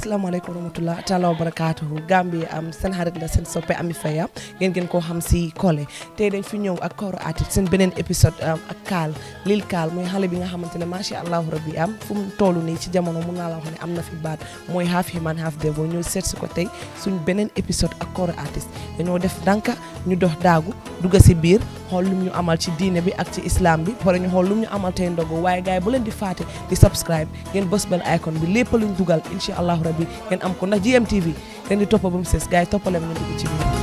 salaamaaleykum wa rahmatulah taala wa barakaatuhu Gambie am seen xarit la seen soppe Ami Faye ngeen gën koo xam si Collé te dañ fi ñëw ak Koro Artist seen beneen épisode um, ak Kaal Lil Kaal mooy xale bi nga xamante ne macha allah rabbi am fu mu toll nii ci jamono mun naa la wax ne am na fi baat mooy half human half devil ñëw seet si ko tey suñ beneen épisode ak Koro Artist dañoo def danka ñu dox daagu dugg si biir. xool lum ñu amal ci diine bi ak ci islam bi pare ñu xool lum ñu amal tey ndogu waaye gars yi bu leen di faate di subscribe ngeen bës benn icon bi lépp luñ dugal incha allahu rabbi ngeen am ko ndax GMTV ngeen di toppa ba mu ses gars yi toppalem na dugg ci biir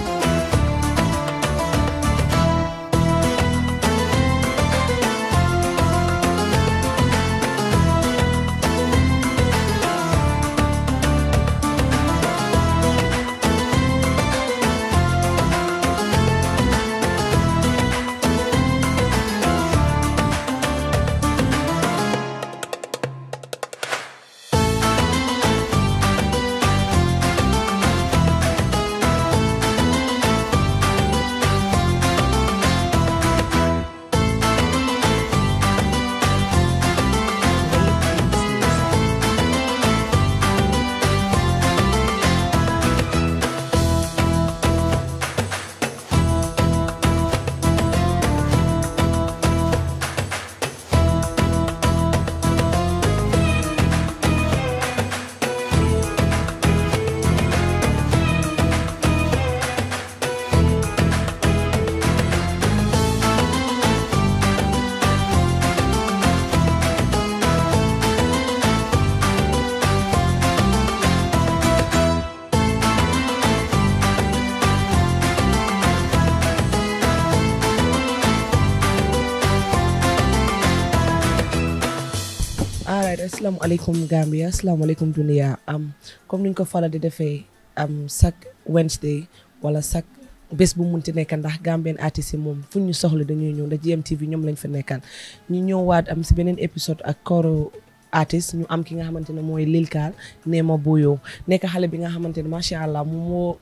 asalaamaaleykum Gambia asalaamaaleykum dunia am comme ni ñu ko faral di defee am chaque Wednesday wala chaque bés bu mun munti nekk ndax Gambian artiste yi moom fu ñu soxla dañuy ñëw ndax GMTV ñoom lañ fa nekkal ñu ñëwaat am si beneen épisode ak koro artiste ñu am ki nga xamante ne mooy Lil Cal Nema Boyo nekk xale bi nga xamante ne macha allah moom moo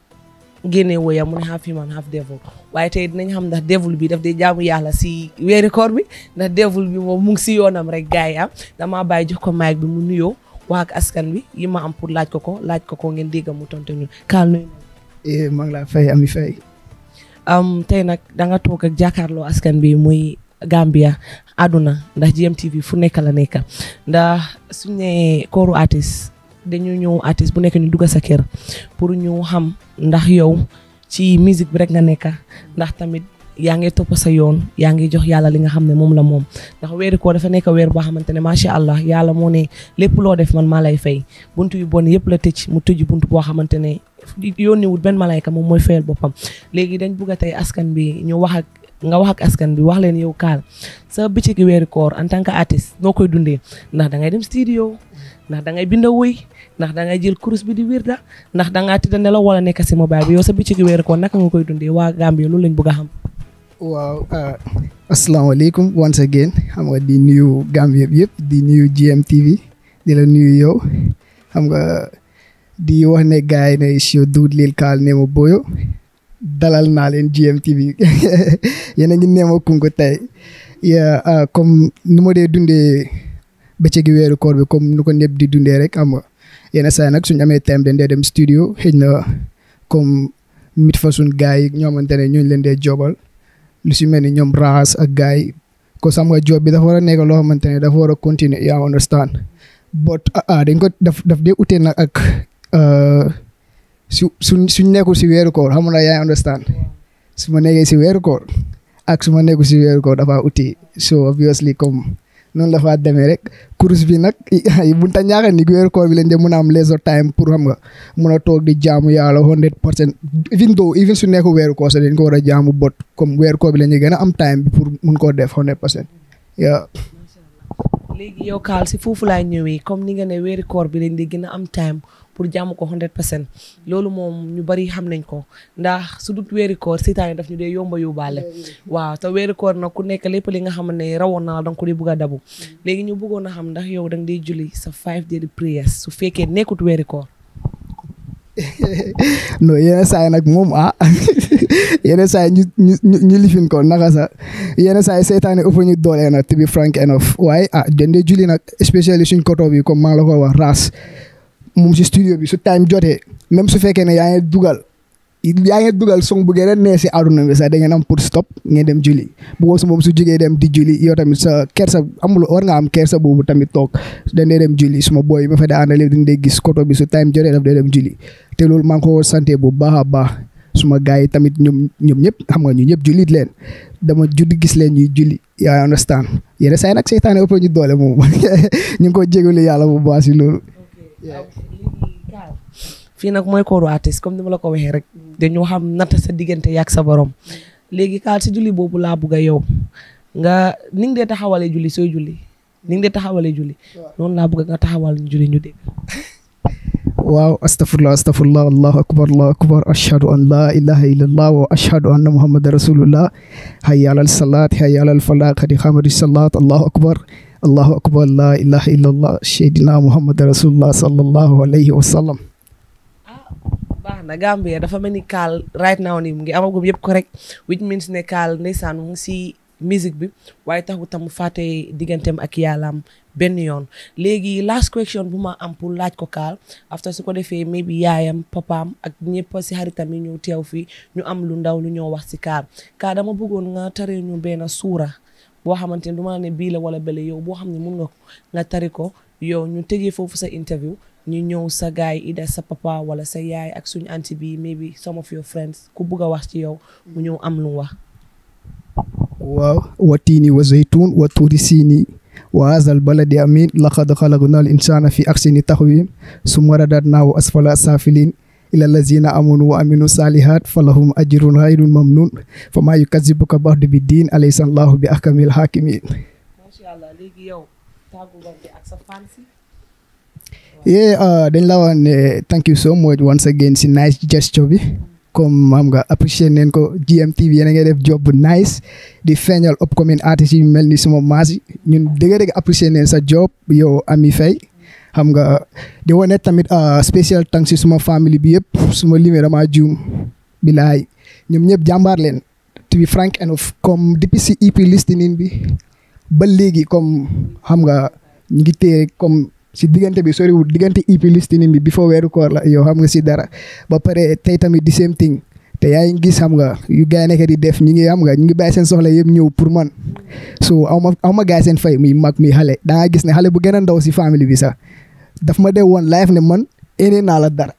génne woyam mu ne half human half devil waaye tey dinañ xam ndax devil bi daf dee jaamu yàlla si weeri koor bi ndax devil bi mu ngi si yoonam rek gars yi am ah. damaa bàyyi jox ko mic bi mu nuyoo wax ak askan wi yi ma am pour laaj ko ko laaj ko ko ngeen dégg mu tontu ñu Kaal nuyu na. Eh, maa ngi laa fay tey nag danga nga toog ak jàkkaarloo askan bi muy Gambia àdduna ndax GMTV fu nekk la nekk ndax suñu nee kooru artiste. dañu ñëw artiste bu nekk ñu dugg sa kër pour ñu xam ndax yow ci musique bi rek nga nekk ndax tamit yaa ngi topp sa yoon yaa ngi jox yàlla li nga xam ne moom la moom ndax weeru koo dafa nekk weer boo xamante ne macha allah yàlla moo ne lépp loo def man maa lay fay buntu yu bon yëpp la tëj mu tëj buntu boo xamante ne yónniwul benn malay malayka moom mooy fayal boppam léegi dañ bugg a tey askan bi ñu wax ak nga wax ak askan bi wax leen yow kaal sa bëccëg weeru koor en tant que artiste noo koy dundee ndax dangay ngay dem studio ndax da ngay bind woy ndax da jël kurus bi di wirda ndax da ngaa da nelaw wala nekk si mobile bi yow sa bëccëg weeru koor naka nga koy dundee waa Gambie loolu lañ bëgg a xam. waaw ah, asalaamaaleykum once again xam nga di nuyu Gambie yëpp di nuyu GMTV di la nuyu yow xam nga di wax ne gars yi ne si duut lil kaal ne ma boyo dalal naa leen GMTV yéen a ngi neema Kunku a ah, comme nu ma dee dundee bëccëg gi weeru koor bi comme nu ko ñëpp di dundee rek am nga yenn saa yi nag suñu amee time dañ dee dem studio xëj na comme mit fa suñ gars yi ñoo xamante ne ñooñu leen dee jobal lu si mel ni ñoom raas ak gars yi ko sam nga job bi dafa war a nekk loo xamante ne dafa war a continuer yaa understand but ah, ah, dañ ko daf daf dee utee nag ak su su suñ nekkul si weeru koor xam nga yaa understand su ma nekkee si weeru koor ak su ma nekkul si weeru koor dafa uti so obviously comme noonu la faa demee rek course bi nag bunta ñaaxal ni weeru koor bi lañ de mën a am leisure time pour xam nga mën a toog di jaamu yàlla hundred percent even though even su nekkul weeru koor sax dañ ko war a jaamu bot comme weeru koor bi la ñuy gën a am time pour mun koo def hundred percent yeah léegi yow Kaal si foofu laay ñëwee comme ni nga ne weerikoor bi lañ di gën am time pour jàmm ko 100 percent loolu moom ñu bari xam nañ ko ndax su dut weeri taa seytaane daf ñu dee yomba yóbbaale waaw te weeri koor nag ku nekk lépp li nga xam rawoon naa da nga ko dee bëgg a dabu léegi ñu bëggoon a xam ndax yow da nga dee julli sa five daily prayers su fekkee nekkut weeri koor no yenn saa nag moom ah yenn saa yi ñu ñu ñu lifin ko naka sax yenn saa yi seytaane ëpp ñu doole nag to be frank enough waaye ah dende julli nag spécialiste suñ koto bi comme maa la ko wax ras moom si studio bi su time jotee même su fekkee ne yaa ngi dugal. yaa ngi dugal song bu ngeen nee si àdduna bi sax da ngeen am pour stop ngeen dem julli bu ko su moom su jógee dem di julli iya tamit sa kersa amul war nga am kersa boobu tamit toog dañ dee dem julli suma booy ba fa dee àndale dañ dee gis koto bi su time jotee daf dee dem julli te loolu maa ko santé bu baax a baax suma gars yi tamit ñoom ñoom ñëpp xam nga ñu ñëpp jullit leen dama judd gis leen ñuy julli yaa understand yenn saa nak nag seytaane ëpp ñu doole moom ñu ngi ko jégalu yàlla bu baax si loolu fii nag mooy kooru artiste comme ni ma la ko waxee rek dañoo xam natt sa diggante yàgg sa borom léegi kaal si julli boobu laa bugg a yow nga ni nga dee taxawalee juli sooy julli ni nga dee taxawalee julli noonu laa bugg nga taxawal julli ñu dégg waaw astafurlah astafurlah allahu akbar allahu akbar ashhadu an la ilaha illallah wa ashhadu anna muhammadan rasulullah hayya alal salat hayya alal falah qad qamati salat allahu akbar allahu akbar la ilaha illallah sayyidina muhammadan rasulullah sallallahu alayhi na Gambia dafa mel ni kaal right now nii mu ngi amagum yëpp ko rek which means ne kaal ndeysaan mu si musique bi waaye taxu tam mu fàtte digganteem ak yàllaam benn yoon léegi last question bu ma am pour laaj ko kaal after su ko defee bi yaayam papaam ak ñëpp si xaritam yi ñu teew fii ñu am lu ndaw lu ñoo wax si kaal kaal dama bëggoon nga tare ñu benn suura boo xamante ne du ma ne bii la wala bële yow boo xam ne mun nga nga tari ko yow ñu tëjee foofu sa interview ñu ñëw sa gaay ida sa papa wala sa yaay ak suñu anti bi maybe some of your friends ku bugg a wax ci yow mu ñëw am lu wax waaw wa tiini wa zeytun wa tuuri siini wa hazal baladi amin laqad xalaqna al insana fi axsini taxwim summa radadnahu asfala safilin ila lazina amanu wa aminu salihat falahum ajrun xayrun mamnun fa maa yukazibuka baxdu bi diin alaysa allahu bi ahkamil hakimin macha allah bi ak sa yeah uh, dañ la woon ne thank you so much once again si nice gesture bi comme am nga apprécier neen ko GMTV yéen a def job bu nice di feeñal upcoming artist yi mel ni suma maas ñun dëgg dëgg apprécier sa job yow Ami Faye xam nga di wane tamit uh, spécial thanks si suma famille bi yëpp suma limee dama juum bilaay ñoom ñëpp jàmbaar leen to be frank enough comme depuis si EP listening bi ba léegi comme xam nga ñu ngi téye comme si diggante bi soriwul diggante ipi listini bi bi foo weeru koor la yow xam nga si dara ba pare tey tamit di same thing te yaa ngi gis xam nga yu gars yi di def ñi ngi xam nga ñu ngi bàyyi seen soxla yëpp ñëw pour man so aw ma aw ma seen fay muy mag muy xale da gis ne xale bu gëna a ndaw si famille bi sax daf ma dee woon live ne man énee naa la dara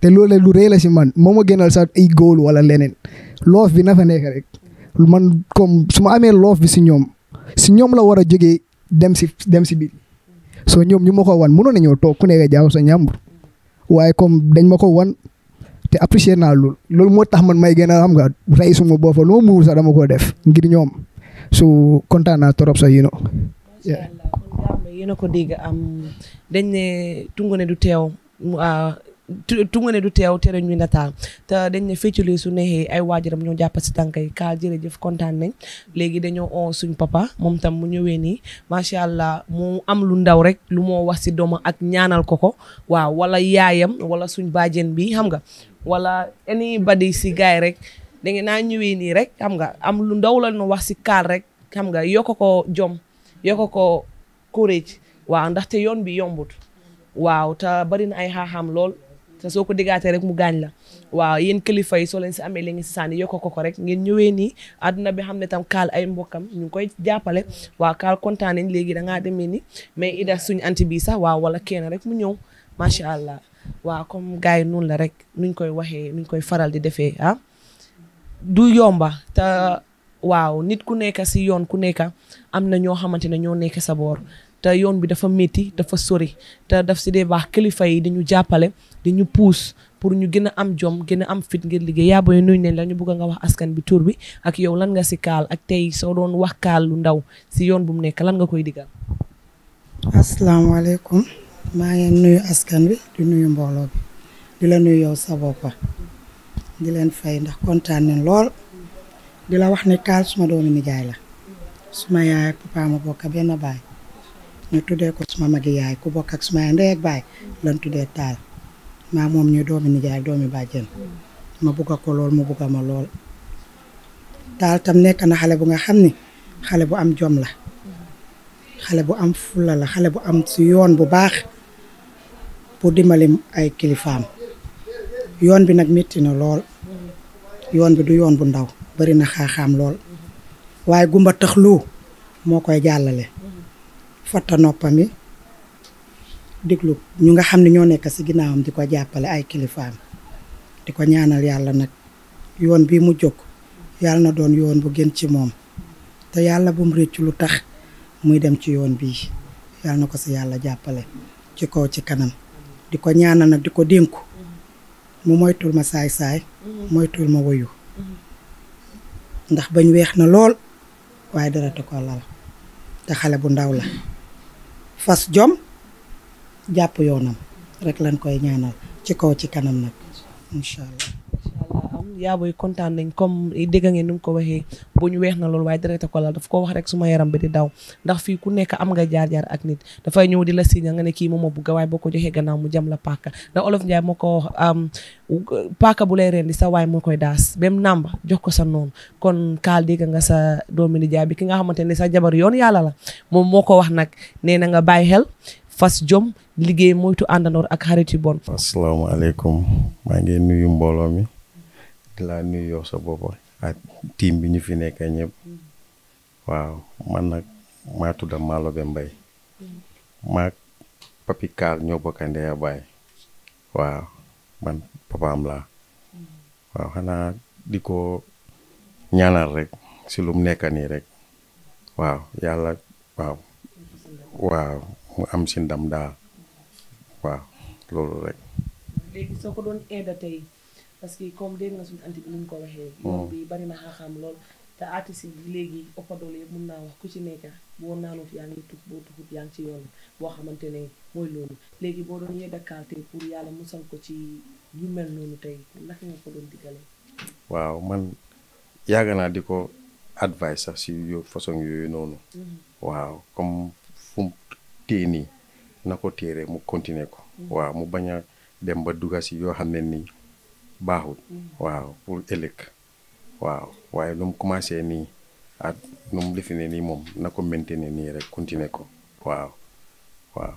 te loolu lu rëy la si man moo ma gënal sax ay góol wala leneen loof bi na fa nekk rek man comme su ma amee loof bi si ñoom si ñoom la war a jógee dem si dem si biir so ñoom ñu ma ko wan mënoon nañoo toog ku nekk jaaw sa ñàmbur waaye comme dañ ma ko wan te apprécier naa loolu loolu moo tax man may gën a xam nga rey suma boo fa lu ma muur sax dama ko def ngir ñoom su kontaan naa trop sax you know ko dégg am dañ ne tungu ne du teew ah, tunga ne du teew tere ñuy nataal te dañ ne féccalee su neexee ay waajuram ñoo jàpp si tànk yi kaa jërëjëf kontaan nañ léegi dañoo oo suñ papa moom tam mu ñëwee nii macha allah mu am lu ndaw rek lu moo wax si dooma ak ñaanal ko ko waaw wala yaayam wala suñ baajen bi xam nga wala anybody si gaay rek da ngeen naa ñëwee nii rek xam nga am lu ndaw la nu wax si kaar rek xam nga yokk ko jom yokk ko courage waaw ndaxte yoon bi yombut waaw te bari ay xaaxaam lool te soo ko diggaatee rek mu gaañ la waaw yéen kilifa yi soo leen si amee li ngi si sànni yokk ko ko rek ngeen ñëwee nii àdduna bi xam ne tam kaal ay mbokkam ñu ngi koy jàppale waaw kaal kontaan nañ léegi dangaa demee ni mais ida suñ anti bii sax waaw wala kenn rek mu ñëw macha allah waaw comme gars yi noonu la rek nuñ koy waxee nuñ koy faral di defee ah du yomba te waaw nit ku nekk si yoon ku nekka am na ñoo xamante ne ñoo nekk saboor ta yoon bi dafa metti dafa sori ta daf ci des wax kilifa yi dañu jàppale dañu pousse pour ñu gën am jom gën am fit ngir liggéey yaa booy nuyu neen la ñu bëgg nga wax askan bi tour bi ak yow lan nga si kaal ak tey soo doon wax kaal lu ndaw si yoon bu mu nekk lan nga koy digal. asalaamaaleykum maa ngi nuyu askan bi di nuyu mbooloo bi di la nuyu yow sa di leen fay ndax kontaan nañ lool di la wax ne kaal suma doomi nijaay la suma yaay ak papa ma bokk benn baay. ñu tuddee ko suma magi yaay ku bokk ak suma ndey ak baay lan tuddee taal maa moom ñu doomi nijaay ak doomi bàjjen ma bugga ko lool mu bugga ma lool taal tam nekk na xale bu nga xam ni xale bu am jom la xale bu am fulla la xale bu am si yoon bu baax pour dimbali ay kilifaam yoon bi nag métti na lool yoon bi du yoon bu ndaw bari na xaaxaam lool waaye gumba tax lu moo koy jàllale fotta noppam yi diglu ñu nga xam ne ñoo nekk ci ginnaawam di ko jàppale ay kilifaam di ko ñaanal yàlla nag yoon bi mu jóg yàlla na doon yoon bu gën ci moom te yàlla bu mu rëccu lu tax muy dem ci yoon bii yàlla na ko si yàlla jàppale ci kaw ci kanam di ko ñaanal nag di ko dénku mu moytul ma saay-saay moytul ma woyu ndax bañ weex na lool waaye dara te ko lal te xale bu ndaw la fas jom jàpp yoonam rek lañ koy ñaanal ci kaw ci kanam nag incha allah yaa booy kontaan nañ comme dégg ngeen ni mu ko waxee bu ñu weex na loolu waaye dara ko laal daf ko wax rek suma yaram bi di daw ndax fii ku nekk am nga jaar-jaar ak nit dafay ñëw di la signa nga ne kii moom a bugga waaye boo ko joxee gannaaw mu jam la paaka ndax moo ko wax paaka bu lay reen di sa waay moo koy daas bem nàmba jox ko sa noonu kon kaal nga sa doomi nijaay bi ki nga xamante ne sa jabar yoon yàlla la moom moo ko wax nag nee na nga bàyyi xel fas jom liggéey moytu àndandoor ak xarit yu bon asalaamaaleykum maa ngi nuyu mbooloo mi laa nuyoo sa bopp ak team bi ñu fi nekk ñëpp waaw man nag maa tudda Malobe Mbaye maak papi kaal ñoo bokk ndey a baay waaw man papaam laa waaw xanaa di ko ñaanal rek si lu mu nekk nii rek waaw yàlla waaw mu am si daal waaw loolu rek parce que comme dégg nga suñu anti bi ñu ko waxee. Mm. yoon bi bari na xam-xam lool. te artiste yi léegi ëpp doole yëpp mun naa wax ku ci nekk boo naanut yaa ngi tux boo tuxut yaa ngi ci yoon boo xamante ne mooy loolu léegi boo doon pour yàlla musal ko ci yu mel noonu tey naka nga ko doon digale waaw man yàgg naa di ko advice sax si yo façon yooyu noonu mm-hmm. waaw comme fu mu téye nii na ko téere mu continuer ko mm-hmm. waaw mu bañ a dem ba duga si yoo xam ne nii baaxul mm-hmm. waaw pour ëllëg waaw waaye nu mu commencé nii ak nu mu nii moom na ko ne nii rek continuer ko waaw waaw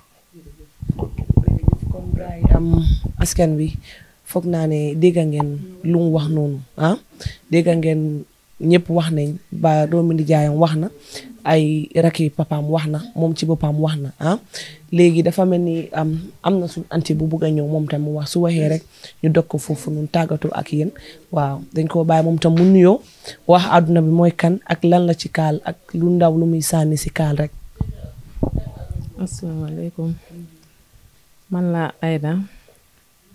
am askan wi foog naa ne dégg ngeen lu mu wax noonu ah dégg ngeen ñëpp wax nañ ba doomu jaayam wax na ay raki papa wax mom moom ci bopam waxna han ah dafa melni am amna anti bu bugg a mom tam wax su waxe rek ñu dokk ko ñun tagatu ak yeen waaw dañ ko baye mom tam mu nuyo wax aduna bi moy kan ak lan la ci kaal ak lu ndaw lu muy ci kaal rek. alaykum man la Aida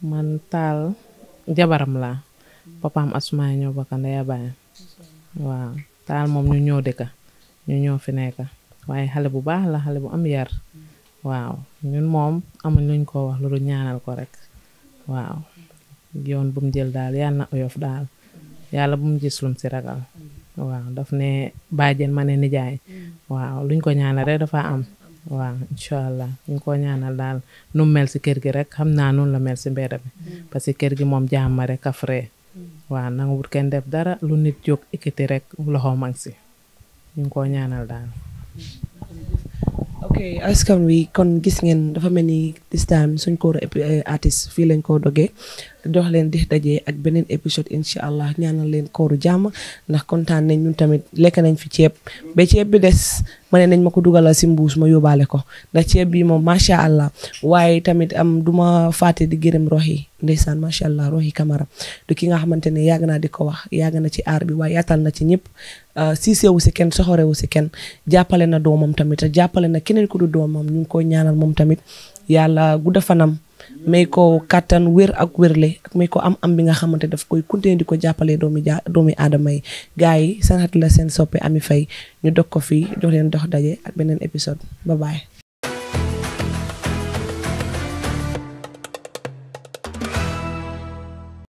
man tal jabaram la papaam asmaa ñoo bakkan baye waaw tal mom ñu ñoo ñu ñoo fi nekk waaye xale bu baax la xale bu am yar waaw ñun moom amuñ luñ ko wax lu ñaanal ko rek waaw yoon bu jël daal yàlla na oyof daal yàlla bu mu gis lum si ragal waaw daf ne bàjjen ma ne nijaay waaw luñ ko ñaanal rek dafa am waaw incha allah luñ ñaanal daal nu mel si kër gi rek xam naa noonu la mel si mbedd bi parce kër gi moom jàmm rek kafre waaw nanga wut kenn def dara lu nit jóg ikkiti rek loxo mang ñu ko ñaanal daal. ok askan wi kon gis ngeen dafa mel ni this time suñ ko eh, artiste fii lañ ko dogee dox leen di dajee ak beneen épisode incha allah ñaanal leen kooru jàmm ndax kontaan nañ ñun tamit lekk nañ fi ceeb ba ceeb bi des ma ne nañ ma ko dugalal si mbuus ma yóbbaale ko ndax ceeb bi moom macha allah waaye tamit am du ma fàtte di gërëm roxi ndeysaan macha allah roxi kamara du ki nga xamante ne yàgg naa di ko wax yàgg na ci aar bi waaye yaatal na ci ñëpp euh, siiseewu si kenn soxorewu si kenn jàppale na doomam tamit jàppale na keneen ku du doomam ñu ngi koy ñaanal moom tamit yàlla gudda fanam may ko kàttan wér ak wérle ak may ko am am bi nga xamante daf koy continuer di ko jàppale doomi ja doomi aadama yi gars yi seen la seen soppe Ami fay ñu dog ko fii jox leen dox daje ak beneen épisode ba bye